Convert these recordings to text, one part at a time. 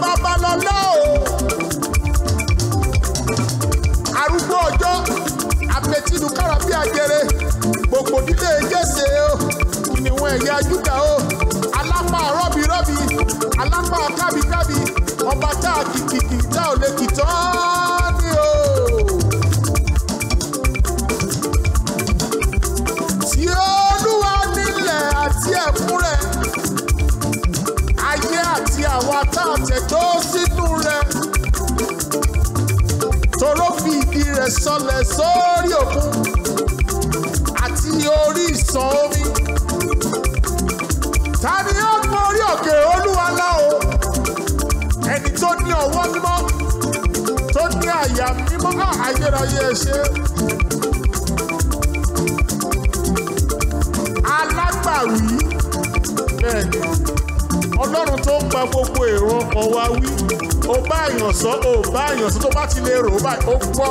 babalọ́lá o. arúgbó ọjọ́ àpètínú kára bí ajere gbogbo nílé gèsè o ìníwọ̀n ẹ̀yà júdà o alápá rọ́bìrọ́bì alápá kábíkábì ọba tá a kìkìkì tá ò lè kì tá a tẹ̀dó sínú rẹ̀ toró fi ìdí rẹ̀ sọlẹ̀ sórí òkun àti orí ìsàn omi ta ni ó gun orí òkè olúwa láò ẹni tó ní ọwọ́ mímọ́ tó ní àyà mímọ́ ayérayé ẹ alágbàwí bẹ́ẹ̀ ni ọlọ́run tó ń pa gbogbo èrò ọkọ̀ wa wí ó bá àyànṣọ́ ó bá àyànṣọ́ tó bá ti lè rò ó báyìí ó gbọ́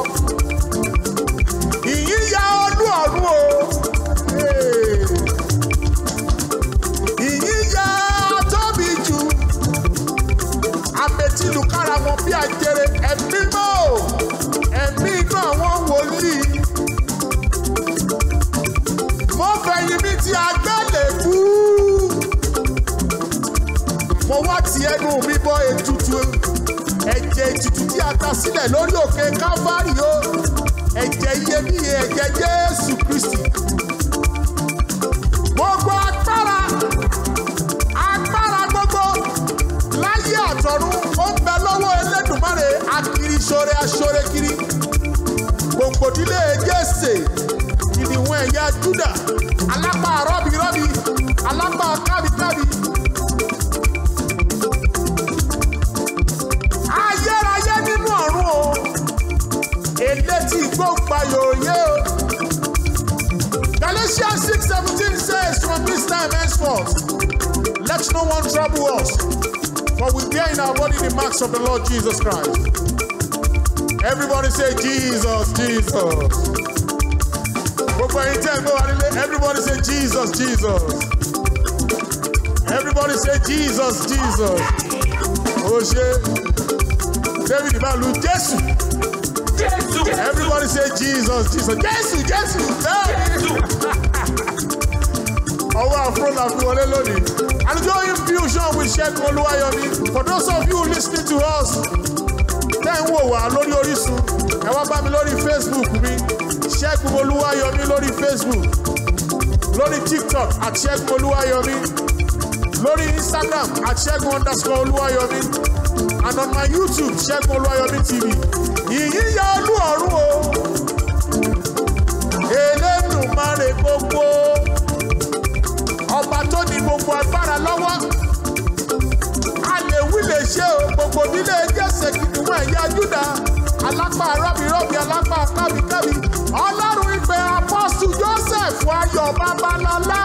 láti ẹnu bíbọ́ ètùtù ẹ̀jẹ̀ ètùtù tí a ta sílẹ̀ lórí òkè Kávárì o ẹ̀jẹ̀ iyebíye ẹ̀jẹ̀ Jésù Kristi. gbogbo agbára agbára gbogbo láyé àtọ̀run ó ń bẹ lọ́wọ́ Elédùmarè akiri ṣore aṣore kiri gbogbo ìdílé Jésè ìdìwọ̀n ẹ̀yà Júdà alápá rọ́bì rọ́bì alápá kábì. us. Let no one trouble us, for we bear in our body the marks of the Lord Jesus Christ. Everybody say, Jesus, Jesus. Everybody say, Jesus, Jesus. Everybody say Jesus, Jesus. O ṣe David Balu Jesus. Everybody say Jesus, Jesus. Jesus, Jesus. Jésù ọwọ́ afro la wọlé lónìí AlujoHymn Fusion with Ṣẹ́gun Olúwayọ̀mí for those of you listening to us tẹ́ ń wò wá lórí Orísun ẹ wá bá mi lórí Facebook mi Ṣẹ́gun Olúwayọ̀mí lórí Facebook lórí TikTok at Ṣẹ́gun Olúwayọ̀mí lórí Instagram at Ṣẹ́gun underscore Olúwayọ̀mí and on my YouTube Ṣẹ́gun Olúwayọ̀mí TV ìyíyá olú ọ̀run o èlé nù má gbogbo tó ní gbogbo agbára lọ́wọ́ a lè wí lè ṣe o gbogbo nílé jẹ́sẹ̀ kìdùnmọ́ ẹ̀yà Júdà alápá rọ́bìrọ́bì alápá kábíkábí ọlọ́run ìpè apọ́sù Joseph ayọ̀ babalọ́lá.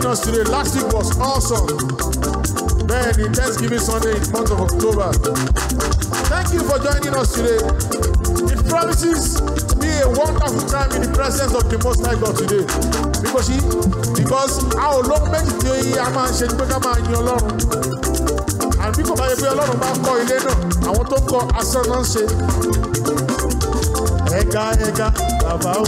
taking us today. Last week was awesome. Man, the Thanksgiving Sunday in the month of October. Thank you for joining us today. It promises me a wonderful time in the presence of the Most High God today. Because he, because our long message today, a máa ń ṣe ni in your máa and Ọlọ́run. Àbí kò bá yẹ pé Ọlọ́run bá kọ́ ilé náà, àwọn tó ń kọ́ asán náà ń ṣe ẹja ẹja bàbá o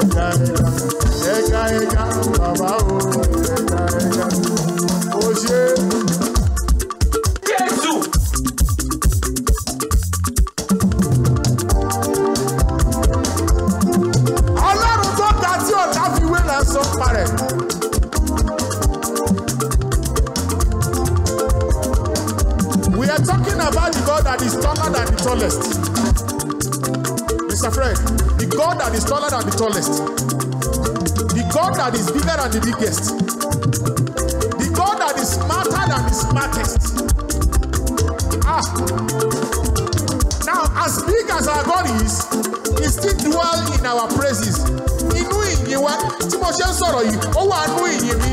ẹja ẹja ẹja ẹja bàbá o ẹja ẹja o ṣe. Jésù. ọlọ́run tó ta tí ọ̀tá fi We are talking about the God that is taller than the tallest my friend, the God that is taller than the tallest, the God that is bigger than the biggest, the God that is smarter than the smartest. Ah. Now, as big as our God is, he still dwells in our praises. Inú ìyìn wa tí mo ṣe ń sọ̀rọ̀ yìí, ó wà nú ìyìn mi.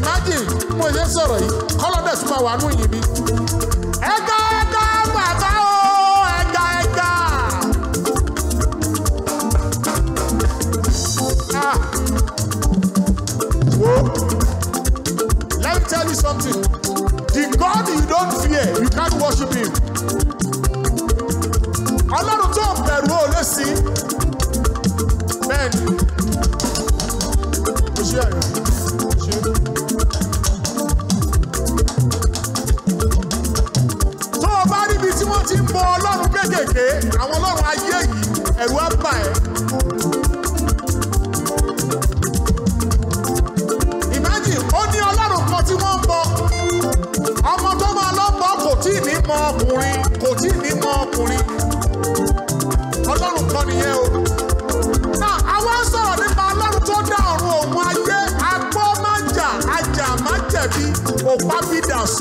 Imagine mo ṣe ń sọ̀rọ̀ yìí, kọ́lọ́dẹ̀ tún máa wà nú ìyìn mi. Ẹ̀ka you something. The God you don't fear, you can't worship him. Ọlọ́run tó ń bẹ̀rù ó lé sí. Bẹ́ẹ̀ni, ó tó o bá ríbi tí wọ́n ti ń bọ ọlọ́run kéékèèké àwọn ọlọ́run ayé ẹ̀rù á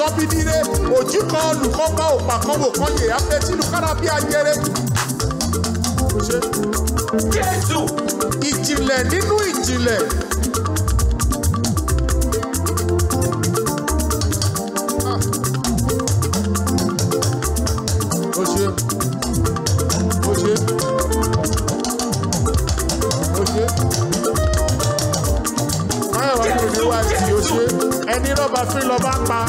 sọbidire ojikọ olùkọkọ òpàkọwò kan yè apẹtìlú kárábí ayẹrẹ. jésù. ìjìnlẹ̀ nínú ìjìnlẹ̀. Ah. ẹni rọ́bà fi lọ́ba pa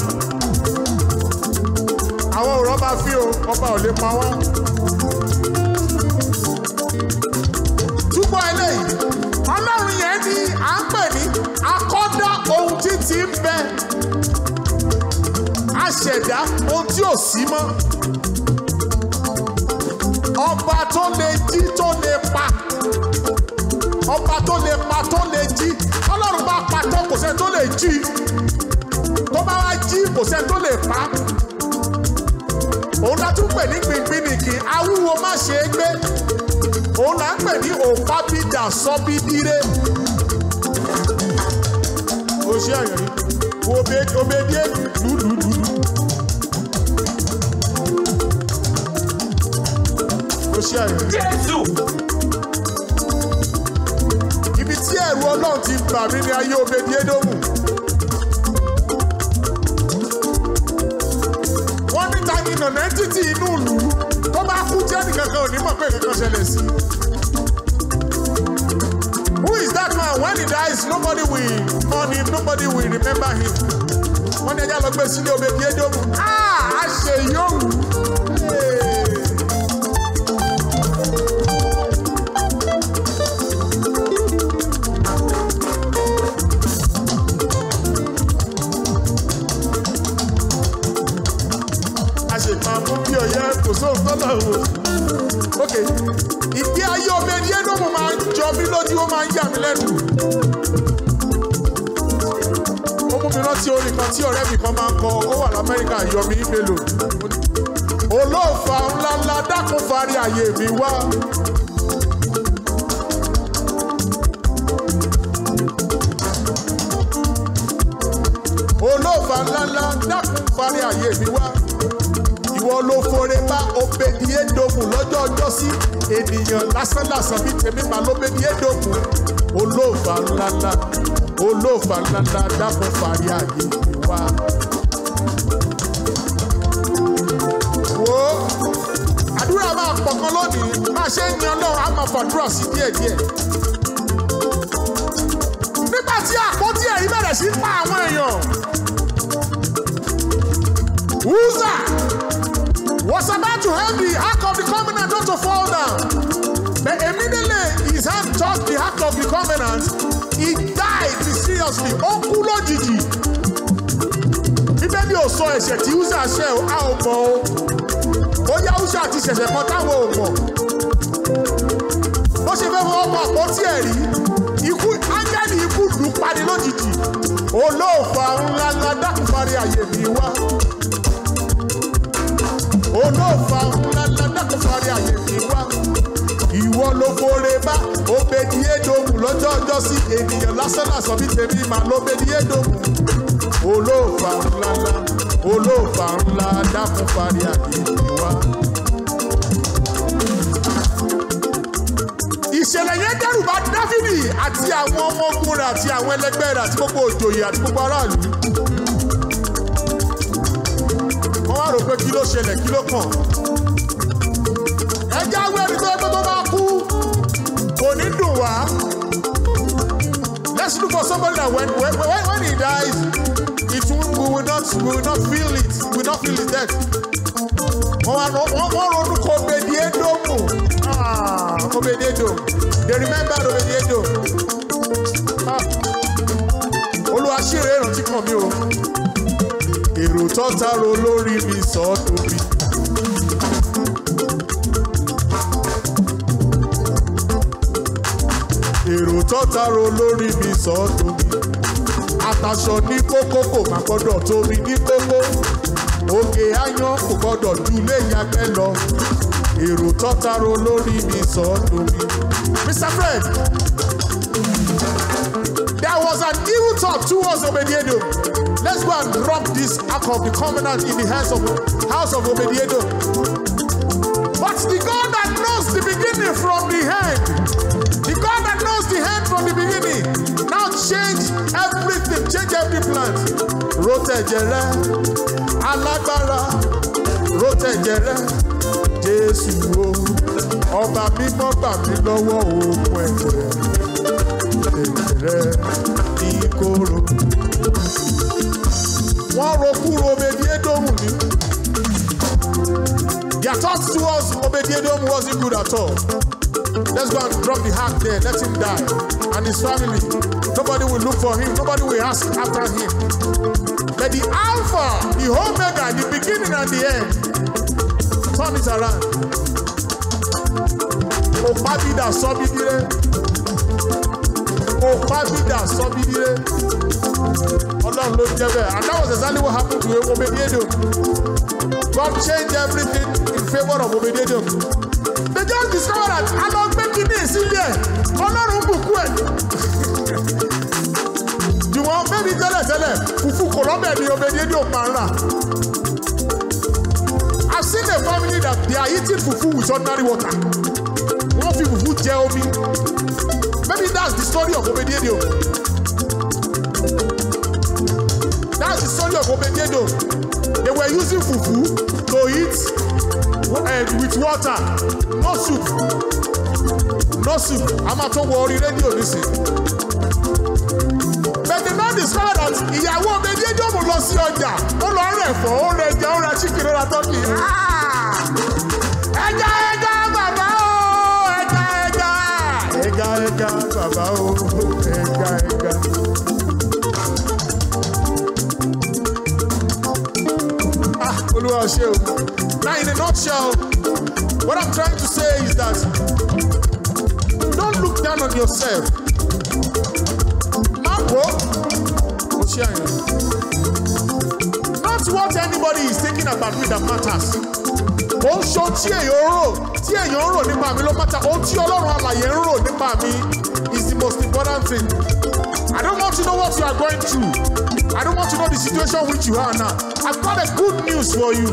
ọba sí o ọba ò lè pa wá. túbọ̀ eléyìí ọlọ́run yẹn ni à ń pè ní akọ́dá ohun tí ti ń bẹ aṣẹ̀dá ohun tí ò sí mọ́ ọba tó lè jí tó lè pa ọba tó lè pa tó lè jí ọlọ́run bá pa tó kò sẹ́ni tó lè jí tó bá wá jí kò sẹ́ni tó lè pa òun la tún pè ní gbìngbìnìkì awúwo má ṣe é gbé òun la ń pè ní òpábídà sọ́bídíré o ṣe àyàn yìí obedie dúdúdú. ó ṣe àyàn yìí. Jésù. ibi tí ẹ̀rù Ọlọ́run ti gbà mí ni ayé obedie dóhùn. kọ̀nẹ́tìtì inú ìlú tó bá kú tí ẹnìkankan ò ní mọ̀ pé kankan ṣẹlẹ̀ sí. Who is that man? When he dies, nobody will mourn him, nobody will remember him. Wọ́n ní ẹja lọ gbé sílé obè bíi édómù. Ah! Àṣeyọ̀rù. bí lójú ó máa ń yà mí lẹ́nu. ó mú mi rántí orin kan tí ọ̀rẹ́ mi kan máa ń kọ ó wà lamẹ́ríkà yọmí mélòó. olóòfà ńláńlá dákun fari àyè mi wá. olóòfà ńláńlá dákun fari àyè mi wá àwọn ló fore bá obedi edogun lọ́jọ́ ọjọ́ sí ènìyàn lásánlàsán bíi tèmi mà lóbedi edogun olóòfà ńláńlá olóòfà ńláńlá dákun fàárí ààyè wa. wo àdúrà máa pọ̀ kan lónìí máa ṣe ń yan náà á máa fàdúrà sí díẹ̀díẹ̀ nígbà tí àpótí ẹ̀rí bẹ̀rẹ̀ sí pa àwọn èèyàn. Usa! to help the act of the covenant not to fall down. But immediately his hand touched the act of the covenant, he died mysteriously. Ó Gigi, lójijì. Bíbélì ò sọ ẹ̀ṣẹ̀ tí Uzzah ṣẹ̀ á ò mọ̀ o. Bóyá Uzzah ti ṣẹ̀ṣẹ̀ kan táwọn ò mọ̀. Bó ṣe fẹ́ fọwọ́ pa àpótí ẹ̀rí, ikú ángẹ́lì ikú lù ú padì lójijì. Olóòfà ńláńlá dákùnfàrí àyè mi wá olóòfà ńláńlá dákun sáré àyè mi wá. ìwọ ló kóore bá obedi edomu lọ́jọ́ ọjọ́ sí ènìyàn lásán lásán bí tèmi mà lóbedi edomu. olóòfà ńláńlá olóòfà ńlá dákun sáré àyè mi wá. ìṣẹ̀lẹ̀ yẹn dẹ́rù bà dáfídì àti àwọn ọmọ ogun rẹ̀ àti àwọn ẹlẹgbẹ́ rẹ̀ àti gbogbo òjòyè àti gbogbo aráàlú rò pé kí ló ṣẹlẹ̀ kí ló kàn. ẹ jáwé ẹni tó ẹgbẹ́ tó bá kú kò ní dùn wá. let's look for somebody that when when when, when he dies it will we will not we will not feel it we will not feel his death. wọ́n wọ́n ronú kò bèdì édò mù kò bèdì édò they remember kò bèdì édò. Ah, olùwàṣírí ìrántí kan mi o èrò sáró lórí mi sọ tóbi. èrò tó lórí mi sọ tóbi. àtàṣọ ní kókó kò má gbọ́dọ̀ tóbi ní kókó. òkè ayan kò gbọ́dọ̀ ju léyìn abẹ́ lọ. èrò tó lórí mi sọ tóbi. Mr. Fred. There was an evil thought towards Obediedom. Let's go and drop this ark of the covenant in the hands of house of Obediado. But the God that knows the beginning from the end, the God that knows the end from the beginning, now change everything, change every plan. Rotejere, alágbára, rotejere, Jésù o, ọba mímọ́ gbà mí lọ́wọ́ òkun ẹ̀jẹ̀ rẹ̀, èjì rẹ̀ wọ́n rokúro obedi edomu ni. Their thoughts towards obedi wasn't good at all. Let's go and drop the heart there, let him die and his family. Nobody will look for him, nobody will ask after him. But the Alpha, the Omega, the beginning and the end, turn it around. Opabida sọ́bídìrẹ́. Opabida sọ́bídìrẹ́ ọlọ́run ló jẹ́ and that was exactly what happened to Obediedom God changed everything in favor of Obediedom they just discovered that alọ́gbẹ́ kìíní sílẹ̀ ọlọ́run bùkún ẹ̀ jùwọ́n bẹ́ẹ̀ni tẹ́lẹ̀tẹ́lẹ̀ fùfú kò lọ́bẹ̀ ni Obediedom máa ń rà I've seen a family that they are eating fufu with ordinary water One fi fufu jẹ me. maybe that's the story of Obediedom. That's the story of Obededo. They were using fufu to eat uh, with water, no soup. No soup. I'm at home worry radio listen. But the man discovered that ìyàwó Obededo mo lọ sí ọjà, ó lọ rẹ̀ fọ́, ó rẹ̀ jẹ́, ó rẹ̀ chicken, ó rẹ̀ turkey. Ah! Ẹja ẹja bàbá o, ẹja ẹja. Ẹja ẹja bàbá o, ẹja ẹja. Now in a nutshell, what I'm trying to say is that don't look down on yourself. Má Not what anybody is thinking about me that matters. Ó ń ṣo tí èèyàn ń rò tí èèyàn ń rò nípa mi ló pátá ohun tí Ọlọ́run alàyè ń mi is the most important thing. I don't want to know what you are going through. I don't want to know the situation which you are now. I've got a good news for you.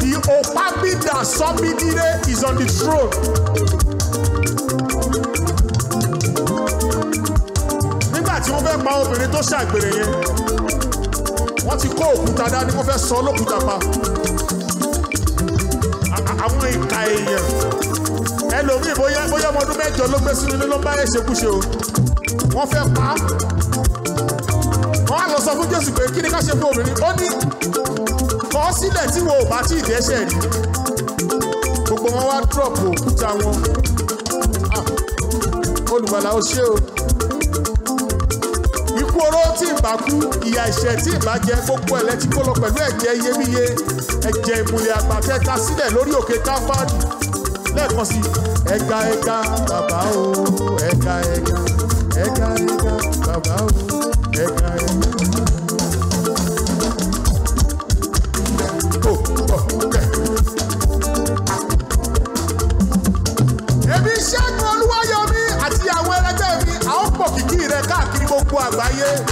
The that somebody there is on the throne. Nígbà tí wọ́n fẹ́ pa obìnrin tó ṣàgbèrè yẹn, wọ́n ti kó òkúta dání wọ́n fẹ́ sọ olókùúta pa. Àwọn ìka èèyàn ẹlòmíì bóyá ọmọ ọdún mẹ́jọ ló gbé sínú ilé ló ń bá ẹ̀ṣẹ̀kúṣe o. Wọ́n fẹ́ pa á sọ fún Jésù pé kí ni ká ṣe fún obìnrin ó ní kọ̀ sílẹ̀ tí wo ò bá tí ì dẹ́ṣẹ̀ rí gbogbo wọn wá drop òkúta wọn ah, olùgbàlà ó ṣe o ikú oró tí ì bá kú ìyà ẹ̀ṣẹ̀ tí ì bá jẹ gbogbo ẹ̀lẹ́ tí kó lọ pẹ̀lú ẹ̀jẹ̀ iyebíye ẹ̀jẹ̀ ìmùlẹ̀ àgbàtẹ́ sílẹ̀ lórí òkè káfárì lẹ́ẹ̀kan sí ẹ̀ka ẹ̀ka bàbá o ẹ̀ka ẹ̀ka ẹ̀ka ẹ̀ka bàbá o ẹ̀ka ẹ̀ka. àgbáyé.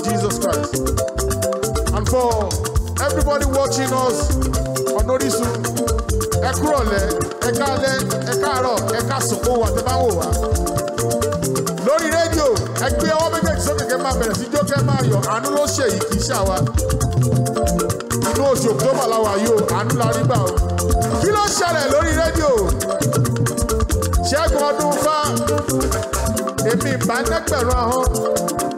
of Jesus Christ. And for everybody watching us on Orisun, ẹ kúrọ̀lẹ́, ẹ káalẹ́, ẹ káàárọ̀, ẹ káàsán kó wà tẹ́ bá wò wá. Lórí rédíò, ẹ gbé ọwọ́ méjèèjì sókè kẹ́ Inú oṣù October la wà àánú la rí gbà o. Kí ló ṣẹlẹ̀ lórí rédíò? Ṣẹ́gun ọdún fá, èmi ìbánẹ́gbẹ̀rún ahọ́n.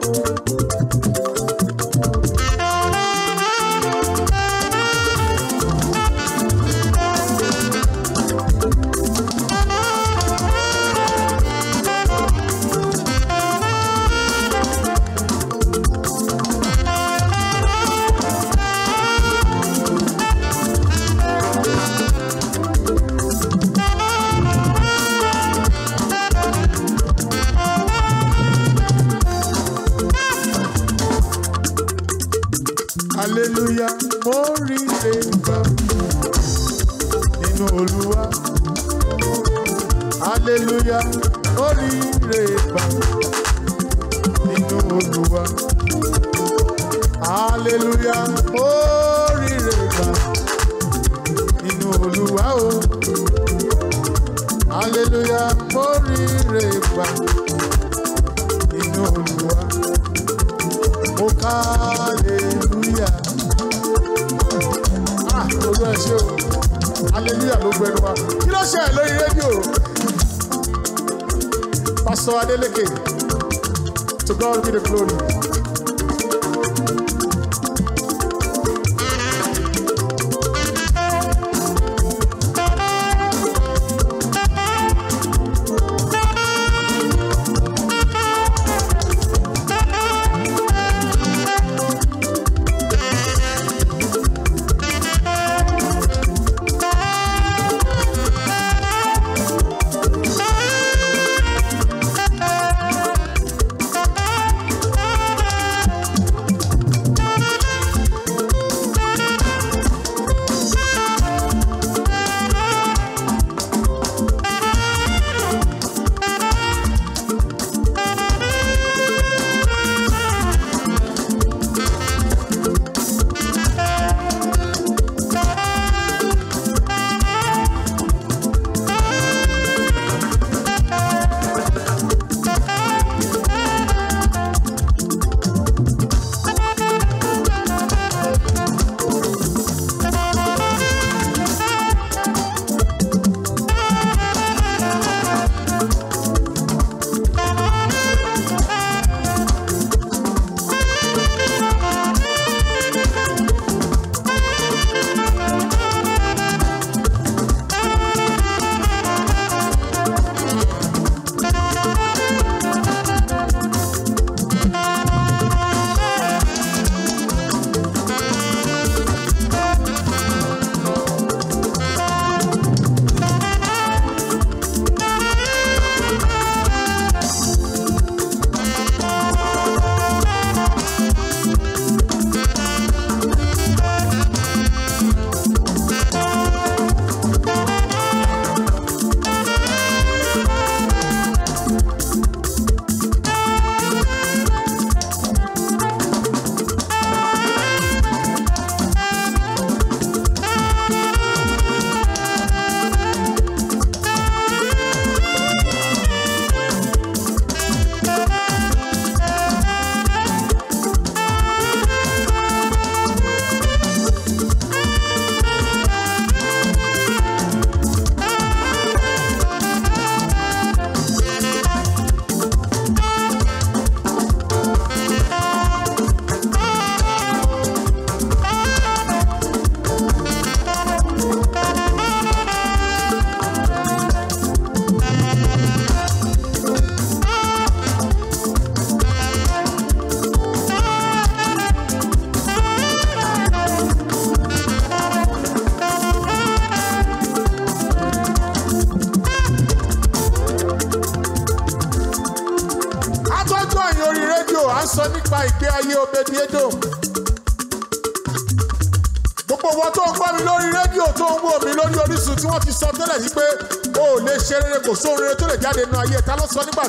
yá oríire gbà nínú olúwa aleluya oríire gbà nínú olúwa o aleluya oríire gbà nínú olúwa mo ká aleluya ah olú ẹ ṣé o aleluya ló gbẹnu wa kí ló ṣe ẹ lórí rédíò. Pastor Adeleke. To God be the glory.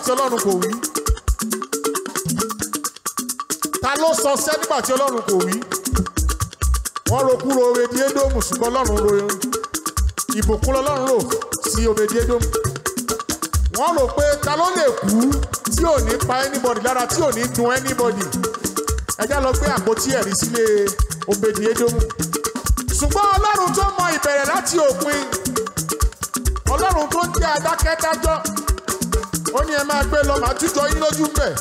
tí ọlọ́run kò wí ta ló sọ sẹ́ nígbà tí ọlọ́run kò wí wọ́n rokú ro obedi edomu ṣùgbọ́n ọlọ́run ro ìbùkún ọlọ́run rò sí obedi edomu wọ́n rò pé ta ló lè kú tí ò ní pa anybody lára tí ò ní dun anybody ẹjá lọ gbé àpótí ẹ̀rí sílé obedi edomu ṣùgbọ́n ọlọ́run tó mọ ìbẹ̀rẹ̀ láti òpin ọlọ́run tó jẹ́ adákẹ́dájọ́ wọ́n ní ẹ máa gbé lọ màá tújọ yín lójú bẹ̀.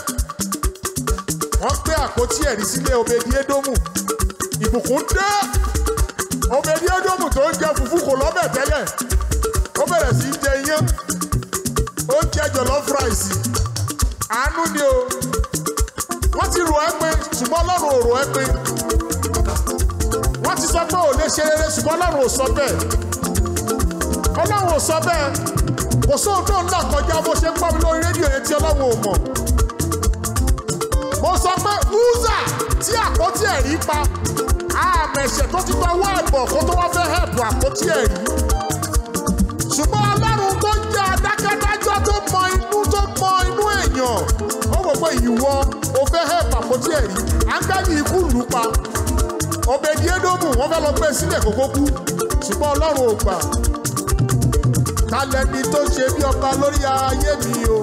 wọ́n gbé àpótí ẹ̀rí sílé obedi edomu ìbùkún dé obedi edomu tó ń jẹ fùfú kò lọ́bẹ̀ tẹ́lẹ̀ ó bẹ̀rẹ̀ sí í jẹ iyán ó ń jẹ jọlọ́f ráìsì àánú ni o wọ́n ti rò ẹ́ pé ṣùgbọ́n Ọlọ́run ò rò ẹ́ pé wọ́n ti sọ pé ò lè ṣe rere ṣùgbọ́n Ọlọ́run ò sọ bẹ́ẹ̀ Ọlọ́run ò sọ bẹ́ẹ̀ kò sóhun tó ń là kọjá bó ṣe ń pọ́ mi lórí rédíò yẹn tí ọlọ́run ò mọ̀ mo sọ pé wúzà tí àpótí ẹ̀rí pa àmẹ̀ṣẹ̀ tó ti gbọ́wọ́ ẹ̀bọ̀ kó tó wá fẹ́ hẹ̀bù àpótí ẹ̀rí ṣùgbọ́n ọlọ́run tó jẹ́ adákẹ́dájọ́ tó mọ inú tó mọ inú èèyàn ó wò pé ìwọ o fẹ́ hẹ̀bù àpótí ẹ̀rí áńgẹ́lì ikú lù ú pa òbèdí édómù wọ́n fẹ́ lọ gbé e sílẹ̀ kókó kú ṣùgbọ́n ọlọ́run ò gbà talẹ́ni tó ṣe bí ọba lórí ayé mi o.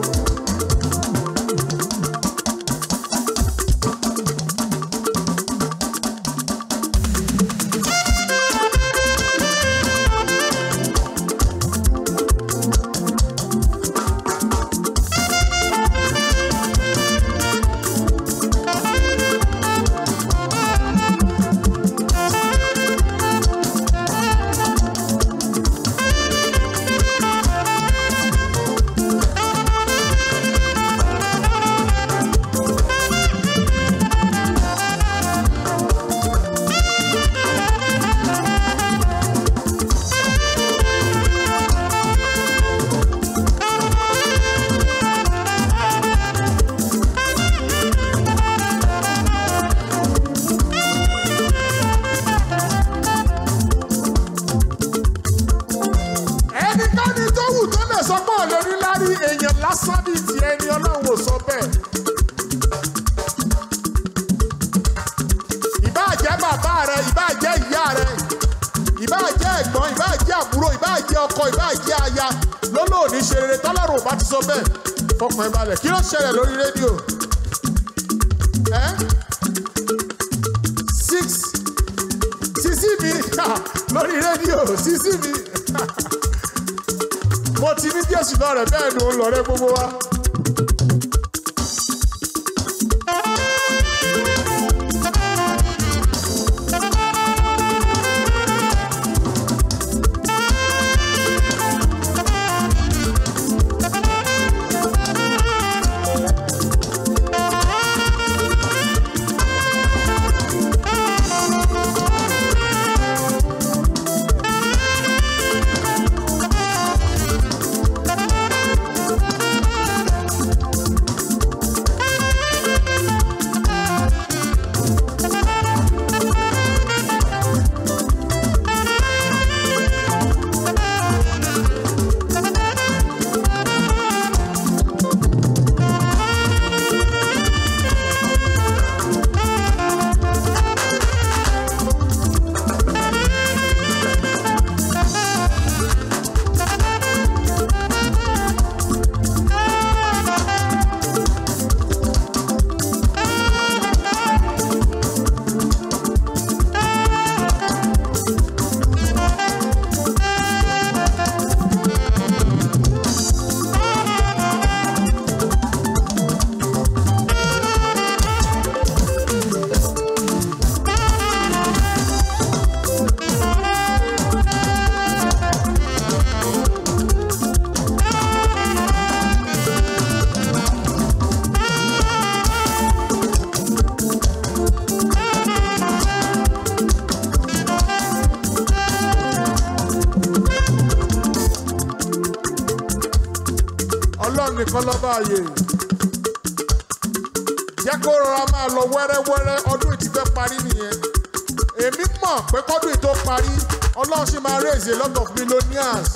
raise a lot of millionaires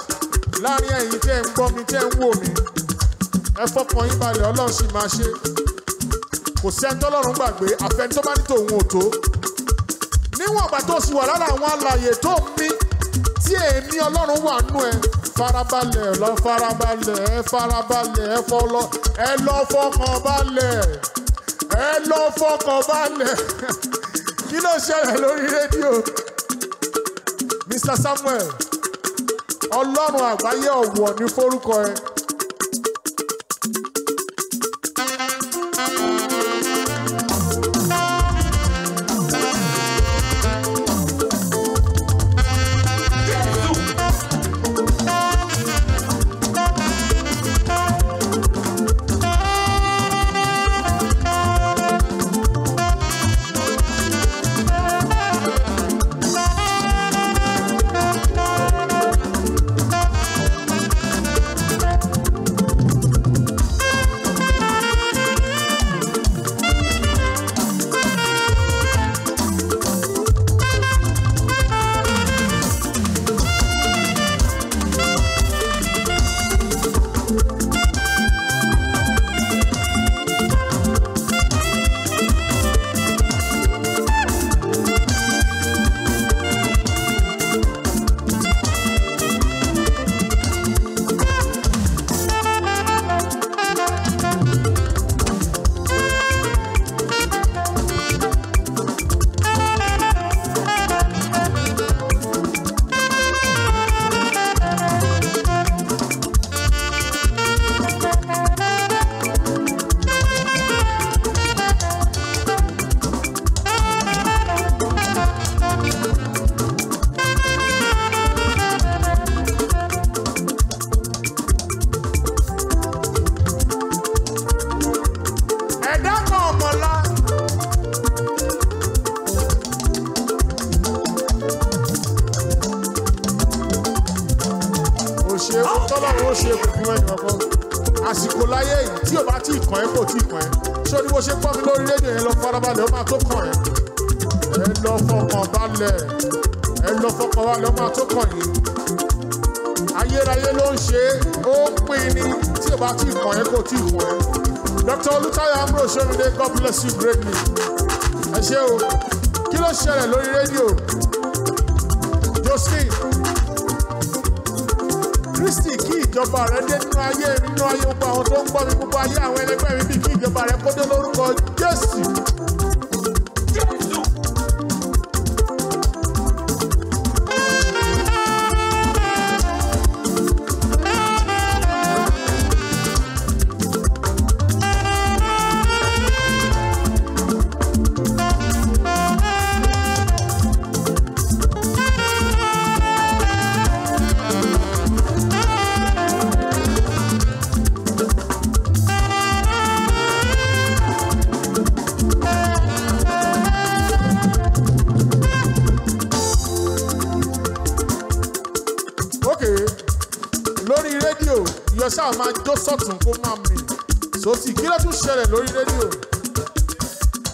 láàrin ẹ̀yin tẹ́ ń gbọ́ mi tẹ́ ń wò mí ẹ fọkàn yín balẹ̀ ọlọ́run sì máa ṣe kò sẹ́ni tọ́lọ́run gbàgbé àfẹni tó bá ní tòun ò tó níwọ̀n ìgbà tó sì wà lára àwọn alàyè tó ń mí tí èmi ọlọ́run wà nú ẹ farabalẹ̀ lọ farabalẹ̀ ẹ farabalẹ̀ ẹ fọlọ ẹ lọ fọkàn balẹ̀ ẹ lọ fọkàn balẹ̀ kí ló ṣẹlẹ̀ lórí rédíò. Mr. Samuel ọlọ́run àgbáyé ọ̀wọ̀ ní forúkọ ẹ. lórí rédíò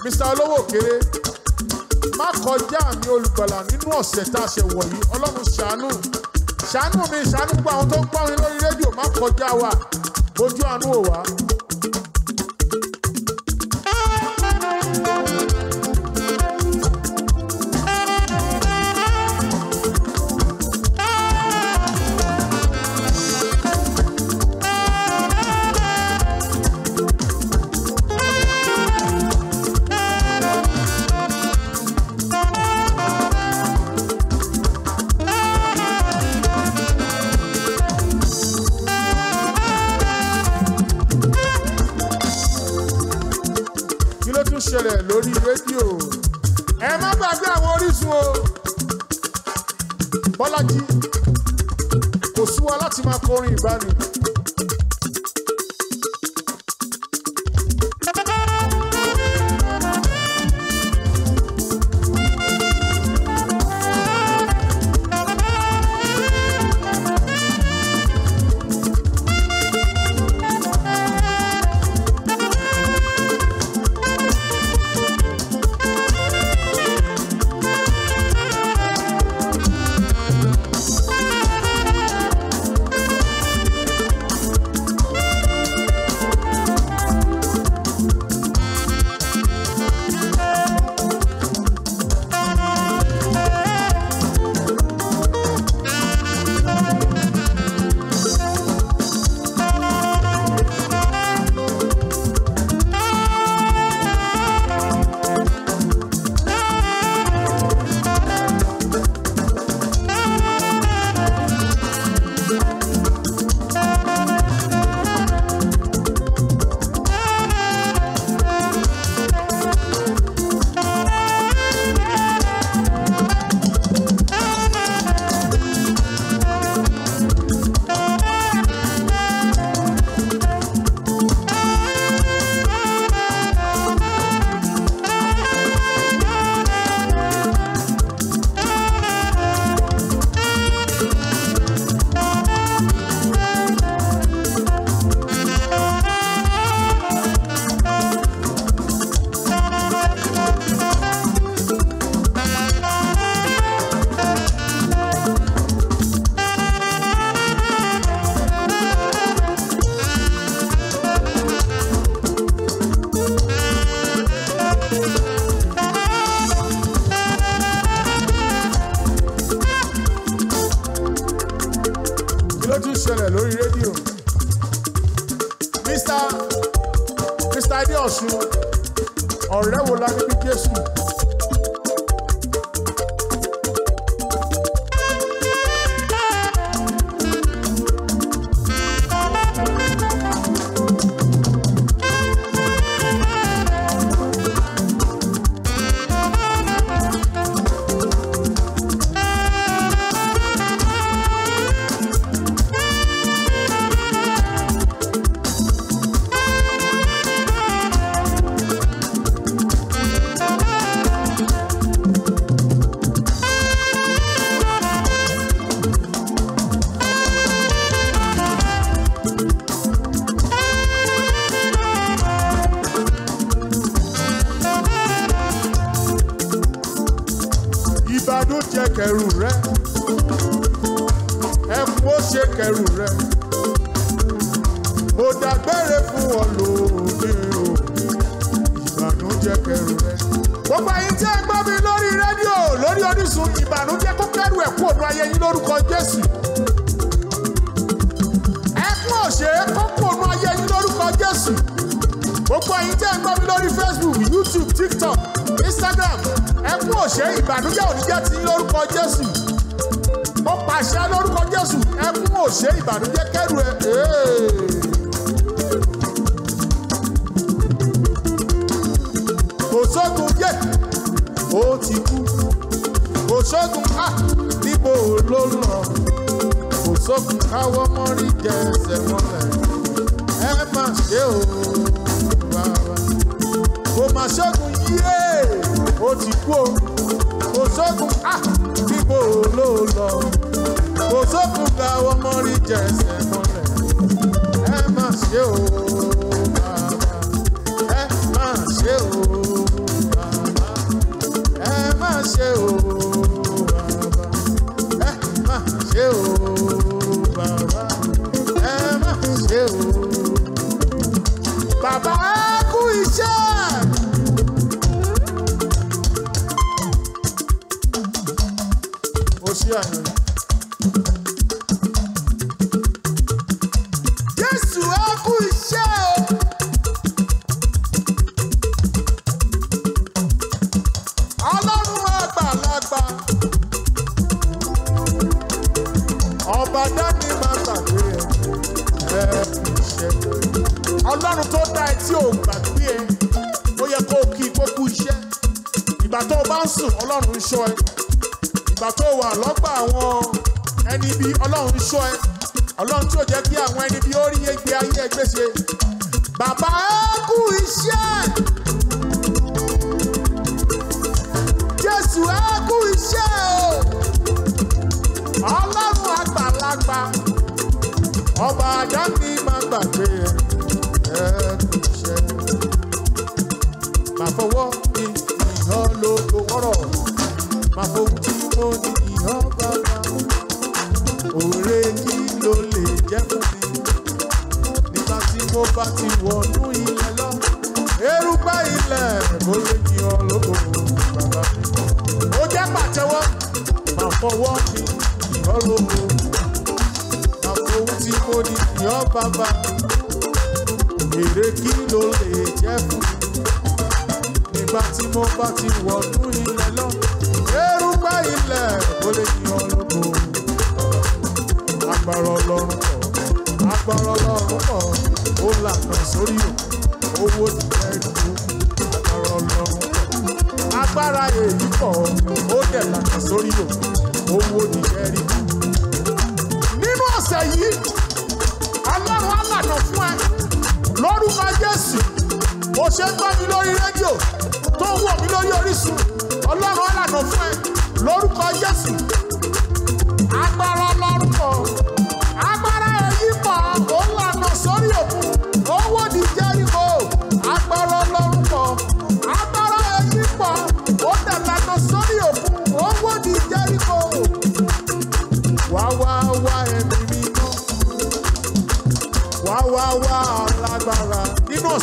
Mr olówó kéré má kọjá mi olùgbàlà nínú ọ̀sẹ̀ tá a ṣe wọ̀ ọlọ́run ṣàánú ṣàánú mi ṣàánú gbọ́ àwọn tó ń gbọ́ mi lórí rédíò má kọjá wa ojú àánú ò wá. kò sú wa láti máa kọrin ìbánu ṣe kẹrù rẹ. mo dágbére fún ọ lóde o ìbànújẹ́ kẹrù rẹ. gbogbo ẹ̀yin tí ẹ gbọ́ mi lórí rédíò lórí Orísun ìbànújẹ́ kó kẹrù ẹ̀ kú òdu ayé yín lórúkọ Jésù. ẹkún òṣèré kó kú òdu ayé yín lórúkọ Jésù. gbogbo ẹ̀yin tí ẹ gbọ́ mi lórí Facebook YouTube TikTok Instagram ẹkún òṣèré ìbànújẹ́ òní jẹ́ ti yín lórúkọ Jésù àṣà lórúkọ Jésù ẹkún òṣè ìbànújẹ́ kẹrù ẹ. kò sógun yé ó ti kú kò sógun ká níbo ló ń lọ kò sógun káwọ́ mọ́rí jẹ ẹsẹ̀ mọ́lẹ̀ ẹ má ṣe o bàbá kò má sógun yé ó ti kú o kò sógun ká ló lọ kò sókun gba ọmọ rí jẹsẹ̀ mọ́lẹ̀ ẹ má ṣe o bàbá ẹ má ṣe o bàbá ẹ má ṣe o. agbára ọlọ́run pọ̀ agbára ọlọ́run pọ̀ ó lànà sórí òkú owó ti ẹrù agbára ọlọ́run pọ̀ agbára èyí pọ̀ ó dẹ̀ lànà sórí òkú owó ti ẹrù. nínú ọ̀sẹ̀ yìí ọlọ́run á fún ẹ lórúkọ jésù ó ṣe ń gbọ́ mi lórí rédíò tó ń wò mí lórí orísun ọlọ́run á fún ẹ lórúkọ jésù.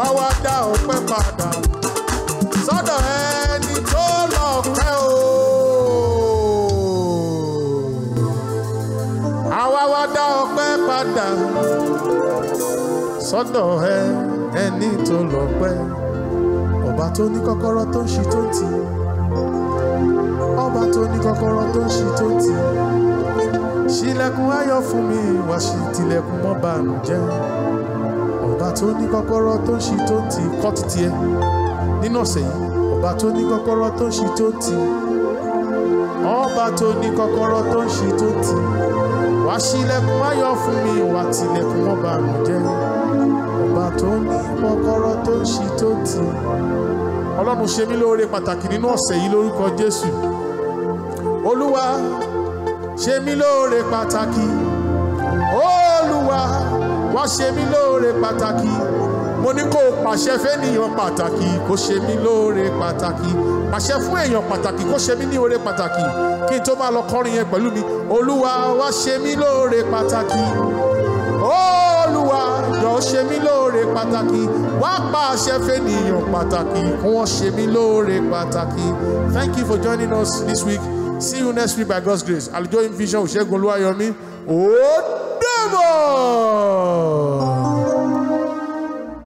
wá wá dá ọpẹ́ padà sọ́dọ̀ ẹni tó lọ́pẹ́ o. àwa wá dá ọpẹ́ padà sọ́dọ̀ ẹ ẹni tó lọ́pẹ́ ọba tó ní kọ́kọ́rọ́ tó ń ṣí tó ti ọba tó ní kọ́kọ́rọ́ tó ń ṣí tó ti ṣílẹ̀kùn ayọ̀ fún mi wá ṣí tilẹ̀kùn mọ́ bànújẹ́ ọba tó ní kọ́kọ́rọ́ tó ń ṣí tó ń ti kọ́ọ̀tù tiẹ̀ nínú ọ̀sẹ̀ yìí ọba tó ní kọ́kọ́rọ́ tó ń ṣí tó ń ti ọba tó ní kọ́kọ́rọ́ tó ń ṣí tó ń ti wá ṣílẹ̀kùn ayọ̀ fún mi wá tilẹ̀kùn ọba mi jẹ́ ọba tó ní kọ́kọ́rọ́ tó ń ṣí tó ń ti ọlọ́run ṣe mí lóore pàtàkì nínú ọ̀sẹ̀ yìí lórúkọ jésù olúwa ṣe mí lóore pàtàkì wá ṣe mí lóore pàtàkì mo ní kó o pàṣẹ fẹ́nìyàn pàtàkì kó ṣe mí lóore pàtàkì pàṣẹ fún èèyàn pàtàkì kó ṣe mí ní oore pàtàkì kí n tó máa lọ kọrin yẹn pẹ̀lú mi olúwa wá ṣe mí lóore pàtàkì olúwa jọ ṣe mí lóore pàtàkì wá pàṣẹ fẹ́nìyàn pàtàkì kó wọ́n ṣe mí lóore pàtàkì thank you for joining us this week see you next week by God's grace àlùjọ invision òṣègùn olúwayọmí ó dàbọ̀.